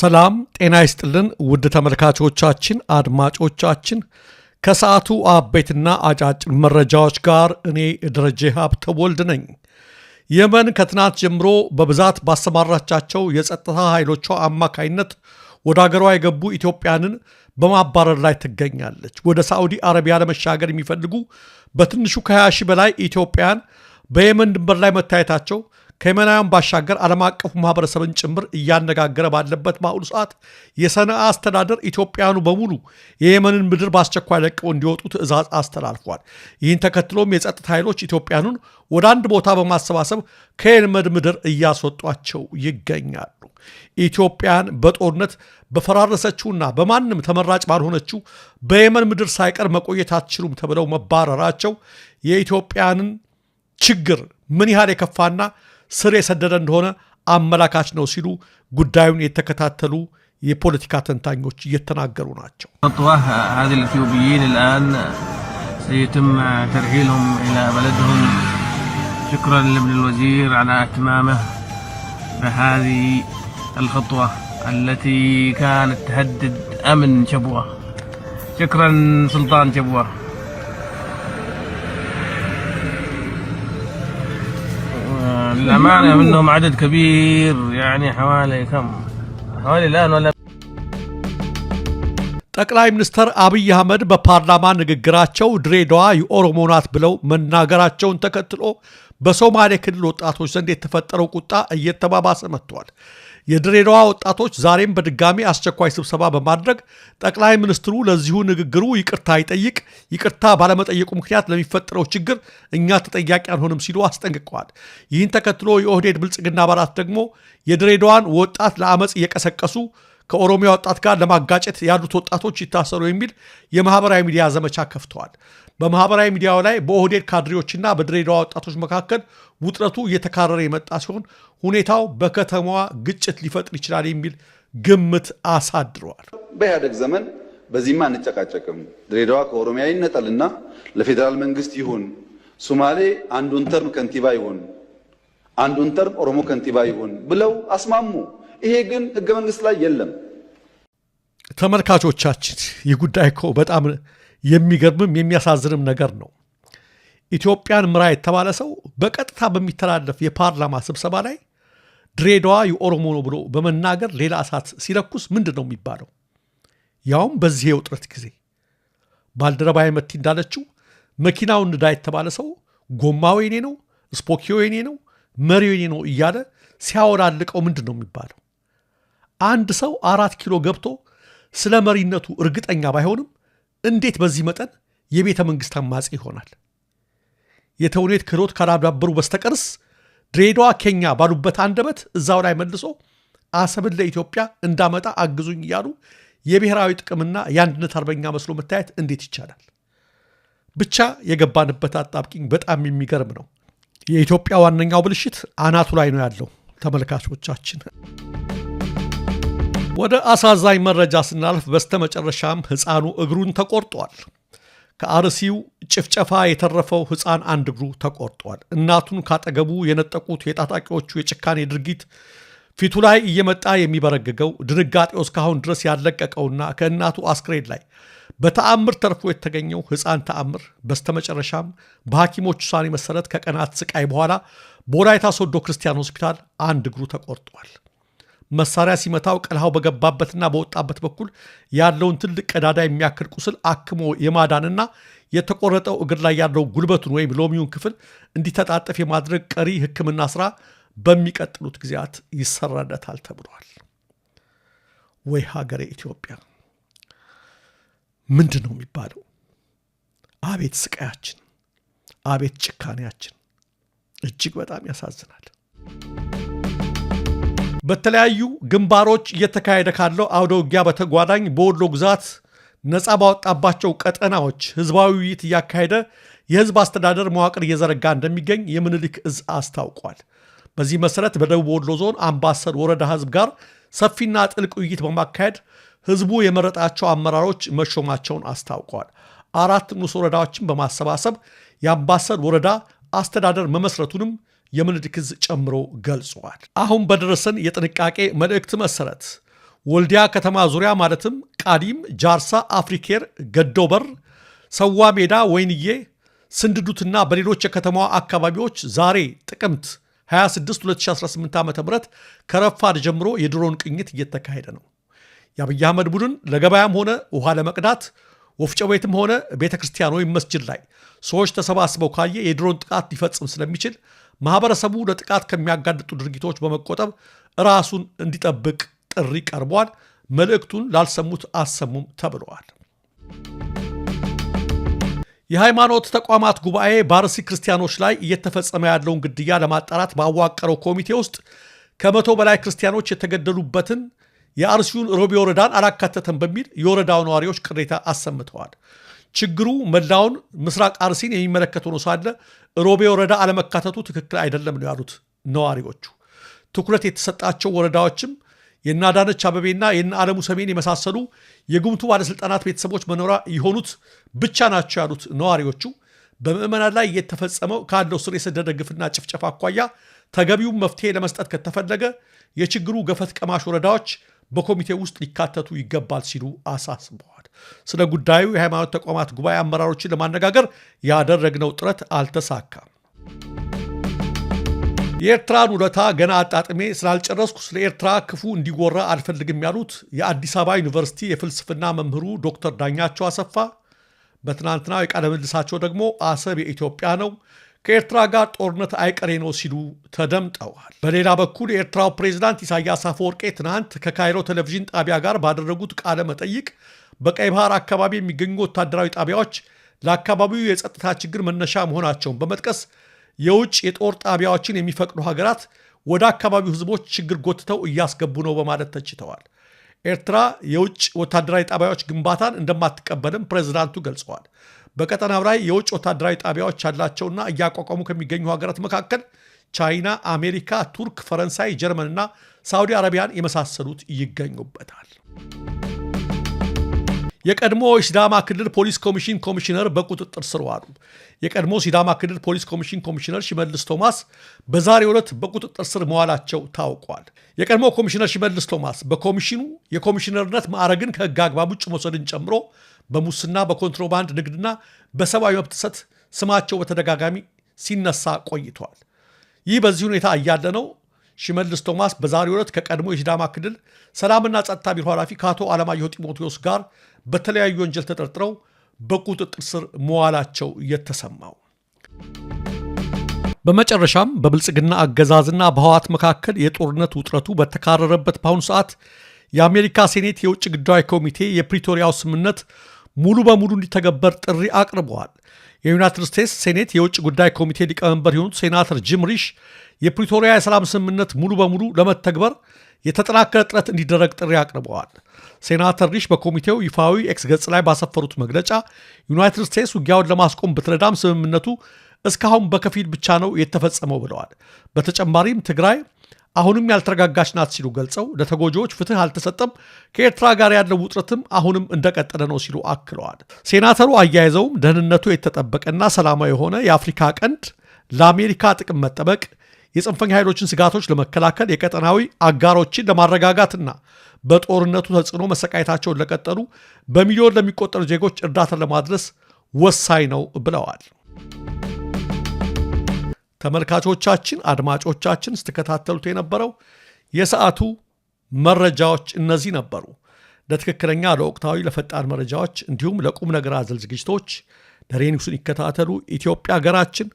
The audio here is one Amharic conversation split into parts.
ሰላም ጤና ይስጥልን ውድ ተመልካቾቻችን፣ አድማጮቻችን ከሰዓቱ አበይትና አጫጭር መረጃዎች ጋር እኔ ደረጀ ሀብተ ወልድ ነኝ። የመን ከትናንት ጀምሮ በብዛት ባሰማራቻቸው የጸጥታ ኃይሎቿ አማካይነት ወደ አገሯ የገቡ ኢትዮጵያንን በማባረር ላይ ትገኛለች። ወደ ሳዑዲ አረቢያ ለመሻገር የሚፈልጉ በትንሹ ከ20 ሺህ በላይ ኢትዮጵያን በየመን ድንበር ላይ መታየታቸው ከየመናውያን ባሻገር ዓለም አቀፉ ማህበረሰብን ጭምር እያነጋገረ ባለበት በአሁኑ ሰዓት የሰነአ አስተዳደር ኢትዮጵያውያኑ በሙሉ የየመንን ምድር በአስቸኳይ ለቀው እንዲወጡ ትዕዛዝ አስተላልፏል። ይህን ተከትሎም የጸጥታ ኃይሎች ኢትዮጵያኑን ወደ አንድ ቦታ በማሰባሰብ ከየመን ምድር እያስወጧቸው ይገኛሉ። ኢትዮጵያን በጦርነት በፈራረሰችውና በማንም ተመራጭ ባልሆነችው በየመን ምድር ሳይቀር መቆየት አትችሉም ተብለው መባረራቸው የኢትዮጵያንን ችግር ምን ያህል የከፋና ስር የሰደደ እንደሆነ አመላካች ነው ሲሉ ጉዳዩን የተከታተሉ የፖለቲካ ተንታኞች እየተናገሩ ናቸው። سيتم ترحيلهم إلى بلدهم شكرا لابن الوزير على اتمامه بهذه الخطوة التي كانت تهدد أمن شبوة شكرا سلطان شبوة للأمانة منهم عدد كبير يعني حوالي كم حوالي الآن ولا ጠቅላይ ሚኒስትር አብይ አህመድ በፓርላማ ንግግራቸው ድሬዳዋ የኦሮሞ ናት ብለው መናገራቸውን ተከትሎ በሶማሌ ክልል ወጣቶች ዘንድ የተፈጠረው ቁጣ እየተባባሰ መጥቷል። የድሬዳዋ ወጣቶች ዛሬም በድጋሚ አስቸኳይ ስብሰባ በማድረግ ጠቅላይ ሚኒስትሩ ለዚሁ ንግግሩ ይቅርታ ይጠይቅ፣ ይቅርታ ባለመጠየቁ ምክንያት ለሚፈጠረው ችግር እኛ ተጠያቂ አልሆንም ሲሉ አስጠንቅቀዋል። ይህን ተከትሎ የኦህዴድ ብልጽግና አባላት ደግሞ የድሬዳዋን ወጣት ለአመፅ እየቀሰቀሱ ከኦሮሚያ ወጣት ጋር ለማጋጨት ያሉት ወጣቶች ይታሰሩ የሚል የማህበራዊ ሚዲያ ዘመቻ ከፍተዋል። በማህበራዊ ሚዲያው ላይ በኦህዴድ ካድሬዎችና በድሬዳዋ ወጣቶች መካከል ውጥረቱ እየተካረረ የመጣ ሲሆን ሁኔታው በከተማዋ ግጭት ሊፈጥር ይችላል የሚል ግምት አሳድረዋል። በኢህአደግ ዘመን በዚህማ አንጨቃጨቅም፣ ድሬዳዋ ከኦሮሚያ ይነጠልና ለፌዴራል መንግስት ይሁን፣ ሱማሌ አንዱን ተርም ከንቲባ ይሁን፣ አንዱን ተርም ኦሮሞ ከንቲባ ይሁን ብለው አስማሙ። ይሄ ግን ህገ መንግስት ላይ የለም። ተመልካቾቻችን ይህ ጉዳይ እኮ በጣም የሚገርምም የሚያሳዝንም ነገር ነው። ኢትዮጵያን ምራ የተባለ ሰው በቀጥታ በሚተላለፍ የፓርላማ ስብሰባ ላይ ድሬዳዋ የኦሮሞ ነው ብሎ በመናገር ሌላ እሳት ሲለኩስ ምንድን ነው የሚባለው? ያውም በዚህ የውጥረት ጊዜ ባልደረባ መቲ እንዳለችው መኪናውን ንዳ የተባለ ሰው ጎማው የኔ ነው፣ ስፖኪዮ የኔ ነው፣ መሪው የኔ ነው እያለ ሲያወላልቀው ምንድን ነው የሚባለው? አንድ ሰው አራት ኪሎ ገብቶ ስለ መሪነቱ እርግጠኛ ባይሆንም እንዴት በዚህ መጠን የቤተ መንግሥት አማጺ ይሆናል? የተውኔት ክህሎት ካላዳበሩ በስተቀርስ ድሬዳዋ ኬኛ ባሉበት አንደበት እዛው ላይ መልሶ አሰብን ለኢትዮጵያ እንዳመጣ አግዙኝ እያሉ የብሔራዊ ጥቅምና የአንድነት አርበኛ መስሎ መታየት እንዴት ይቻላል? ብቻ የገባንበት አጣብቂኝ በጣም የሚገርም ነው። የኢትዮጵያ ዋነኛው ብልሽት አናቱ ላይ ነው ያለው ተመልካቾቻችን ወደ አሳዛኝ መረጃ ስናልፍ በስተመጨረሻም ህፃኑ እግሩን ተቆርጧል። ከአርሲው ጭፍጨፋ የተረፈው ህፃን አንድ እግሩ ተቆርጧል። እናቱን ካጠገቡ የነጠቁት የታጣቂዎቹ የጭካኔ ድርጊት ፊቱ ላይ እየመጣ የሚበረግገው ድንጋጤው እስካሁን ድረስ ያለቀቀውና ከእናቱ አስክሬድ ላይ በተአምር ተርፎ የተገኘው ህፃን ተአምር በስተመጨረሻም በሐኪሞች ውሳኔ መሰረት ከቀናት ስቃይ በኋላ በወላይታ ሶዶ ክርስቲያን ሆስፒታል አንድ እግሩ ተቆርጧል። መሳሪያ ሲመታው ቀልሃው በገባበትና በወጣበት በኩል ያለውን ትልቅ ቀዳዳ የሚያክል ቁስል አክሞ የማዳንና የተቆረጠው እግር ላይ ያለው ጉልበቱን ወይም ሎሚውን ክፍል እንዲተጣጠፍ የማድረግ ቀሪ ሕክምና ስራ በሚቀጥሉት ጊዜያት ይሰራለታል ተብሏል። ወይ ሀገሬ ኢትዮጵያ ምንድን ነው የሚባለው? አቤት ስቃያችን፣ አቤት ጭካኔያችን! እጅግ በጣም ያሳዝናል። በተለያዩ ግንባሮች እየተካሄደ ካለው አውደ ውጊያ በተጓዳኝ በወሎ ግዛት ነፃ ባወጣባቸው ቀጠናዎች ህዝባዊ ውይይት እያካሄደ የህዝብ አስተዳደር መዋቅር እየዘረጋ እንደሚገኝ የምኒልክ እዝ አስታውቋል። በዚህ መሰረት በደቡብ ወሎ ዞን አምባሰል ወረዳ ህዝብ ጋር ሰፊና ጥልቅ ውይይት በማካሄድ ህዝቡ የመረጣቸው አመራሮች መሾማቸውን አስታውቋል። አራት ንዑስ ወረዳዎችን በማሰባሰብ የአምባሰል ወረዳ አስተዳደር መመስረቱንም የምልድክ ክዝ ጨምሮ ገልጿል። አሁን በደረሰን የጥንቃቄ መልእክት መሰረት ወልዲያ ከተማ ዙሪያ ማለትም ቃዲም፣ ጃርሳ፣ አፍሪኬር፣ ገዶበር፣ ሰዋ ሜዳ፣ ወይንዬ፣ ስንድዱትና በሌሎች የከተማዋ አካባቢዎች ዛሬ ጥቅምት 26 2018 ዓ ም ከረፋድ ጀምሮ የድሮን ቅኝት እየተካሄደ ነው። የአብይ አህመድ ቡድን ለገበያም ሆነ ውሃ ለመቅዳት ወፍጮ ቤትም ሆነ ቤተ ክርስቲያን ወይም መስጅድ ላይ ሰዎች ተሰባስበው ካየ የድሮን ጥቃት ሊፈጽም ስለሚችል ማህበረሰቡ ለጥቃት ከሚያጋልጡ ድርጊቶች በመቆጠብ ራሱን እንዲጠብቅ ጥሪ ቀርቧል። መልእክቱን ላልሰሙት አሰሙም ተብለዋል። የሃይማኖት ተቋማት ጉባኤ በአርሲ ክርስቲያኖች ላይ እየተፈጸመ ያለውን ግድያ ለማጣራት ባዋቀረው ኮሚቴ ውስጥ ከመቶ በላይ ክርስቲያኖች የተገደሉበትን የአርሲውን ሮቢ ወረዳን አላካተተም በሚል የወረዳው ነዋሪዎች ቅሬታ አሰምተዋል። ችግሩ መላውን ምስራቅ አርሲን የሚመለከት ሆኖ ሳለ ሮቤ ወረዳ አለመካተቱ ትክክል አይደለም ነው ያሉት ነዋሪዎቹ። ትኩረት የተሰጣቸው ወረዳዎችም የእነ አዳነች አበቤና የእነ አለሙ ሰሜን የመሳሰሉ የጉምቱ ባለሥልጣናት ቤተሰቦች መኖሪያ የሆኑት ብቻ ናቸው ያሉት ነዋሪዎቹ በምዕመናን ላይ የተፈጸመው ካለው ስር የሰደደ ግፍና ጭፍጨፍ አኳያ ተገቢውን መፍትሄ ለመስጠት ከተፈለገ የችግሩ ገፈት ቀማሽ ወረዳዎች በኮሚቴ ውስጥ ሊካተቱ ይገባል ሲሉ አሳስበዋል። ስለ ጉዳዩ የሃይማኖት ተቋማት ጉባኤ አመራሮችን ለማነጋገር ያደረግነው ጥረት አልተሳካም። የኤርትራን ውለታ ገና አጣጥሜ ስላልጨረስኩ ስለ ኤርትራ ክፉ እንዲጎራ አልፈልግም ያሉት የአዲስ አበባ ዩኒቨርሲቲ የፍልስፍና መምህሩ ዶክተር ዳኛቸው አሰፋ በትናንትናው የቃለ ምልልሳቸው ደግሞ አሰብ የኢትዮጵያ ነው፣ ከኤርትራ ጋር ጦርነት አይቀሬ ነው ሲሉ ተደምጠዋል። በሌላ በኩል የኤርትራው ፕሬዝዳንት ኢሳያስ አፈወርቄ ትናንት ከካይሮ ቴሌቪዥን ጣቢያ ጋር ባደረጉት ቃለ መጠይቅ በቀይ ባህር አካባቢ የሚገኙ ወታደራዊ ጣቢያዎች ለአካባቢው የጸጥታ ችግር መነሻ መሆናቸውን በመጥቀስ የውጭ የጦር ጣቢያዎችን የሚፈቅዱ ሀገራት ወደ አካባቢው ህዝቦች ችግር ጎትተው እያስገቡ ነው በማለት ተችተዋል። ኤርትራ የውጭ ወታደራዊ ጣቢያዎች ግንባታን እንደማትቀበልም ፕሬዝዳንቱ ገልጸዋል። በቀጠናው ላይ የውጭ ወታደራዊ ጣቢያዎች ያላቸውና እያቋቋሙ ከሚገኙ ሀገራት መካከል ቻይና፣ አሜሪካ፣ ቱርክ፣ ፈረንሳይ፣ ጀርመንና ሳውዲ አረቢያን የመሳሰሉት ይገኙበታል። የቀድሞ ሲዳማ ክልል ፖሊስ ኮሚሽን ኮሚሽነር በቁጥጥር ስር ዋሉ። የቀድሞ ሲዳማ ክልል ፖሊስ ኮሚሽን ኮሚሽነር ሽመልስ ቶማስ በዛሬው ዕለት በቁጥጥር ስር መዋላቸው ታውቋል። የቀድሞ ኮሚሽነር ሽመልስ ቶማስ በኮሚሽኑ የኮሚሽነርነት ማዕረግን ከሕግ አግባብ ውጭ መውሰድን ጨምሮ በሙስና በኮንትሮባንድ ንግድና በሰብአዊ መብት ጥሰት ስማቸው በተደጋጋሚ ሲነሳ ቆይቷል። ይህ በዚህ ሁኔታ እያለ ነው ሽመልስ ቶማስ በዛሬ ዕለት ከቀድሞ የሲዳማ ክልል ሰላምና ጸጥታ ቢሮ ኃላፊ ከአቶ አለማየሁ ጢሞቴዎስ ጋር በተለያዩ ወንጀል ተጠርጥረው በቁጥጥር ስር መዋላቸው የተሰማው። በመጨረሻም በብልጽግና አገዛዝና በህዋት መካከል የጦርነት ውጥረቱ በተካረረበት በአሁኑ ሰዓት የአሜሪካ ሴኔት የውጭ ጉዳይ ኮሚቴ የፕሪቶሪያው ስምምነት ሙሉ በሙሉ እንዲተገበር ጥሪ አቅርበዋል። የዩናይትድ ስቴትስ ሴኔት የውጭ ጉዳይ ኮሚቴ ሊቀመንበር የሆኑት ሴናተር ጂም ሪሽ የፕሪቶሪያ የሰላም ስምምነት ሙሉ በሙሉ ለመተግበር የተጠናከረ ጥረት እንዲደረግ ጥሪ አቅርበዋል። ሴናተር ሪሽ በኮሚቴው ይፋዊ ኤክስ ገጽ ላይ ባሰፈሩት መግለጫ ዩናይትድ ስቴትስ ውጊያውን ለማስቆም ብትረዳም ስምምነቱ እስካሁን በከፊል ብቻ ነው የተፈጸመው ብለዋል። በተጨማሪም ትግራይ አሁንም ያልተረጋጋች ናት ሲሉ ገልጸው ለተጎጂዎች ፍትህ አልተሰጠም፣ ከኤርትራ ጋር ያለው ውጥረትም አሁንም እንደቀጠለ ነው ሲሉ አክለዋል። ሴናተሩ አያይዘውም ደህንነቱ የተጠበቀና ሰላማዊ የሆነ የአፍሪካ ቀንድ ለአሜሪካ ጥቅም መጠበቅ የጽንፈኛ ኃይሎችን ስጋቶች ለመከላከል የቀጠናዊ አጋሮችን ለማረጋጋትና በጦርነቱ ተጽዕኖ መሰቃየታቸውን ለቀጠሉ በሚሊዮን ለሚቆጠሩ ዜጎች እርዳታ ለማድረስ ወሳኝ ነው ብለዋል። ተመልካቾቻችን፣ አድማጮቻችን ስትከታተሉት የነበረው የሰዓቱ መረጃዎች እነዚህ ነበሩ። ለትክክለኛ ለወቅታዊ፣ ለፈጣን መረጃዎች እንዲሁም ለቁም ነገር አዘል ዝግጅቶች ደሬኒውስን ይከታተሉ። ኢትዮጵያ ሀገራችን፣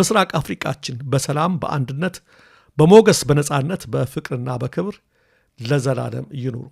ምስራቅ አፍሪቃችን በሰላም በአንድነት በሞገስ በነፃነት በፍቅርና በክብር ለዘላለም ይኑሩ።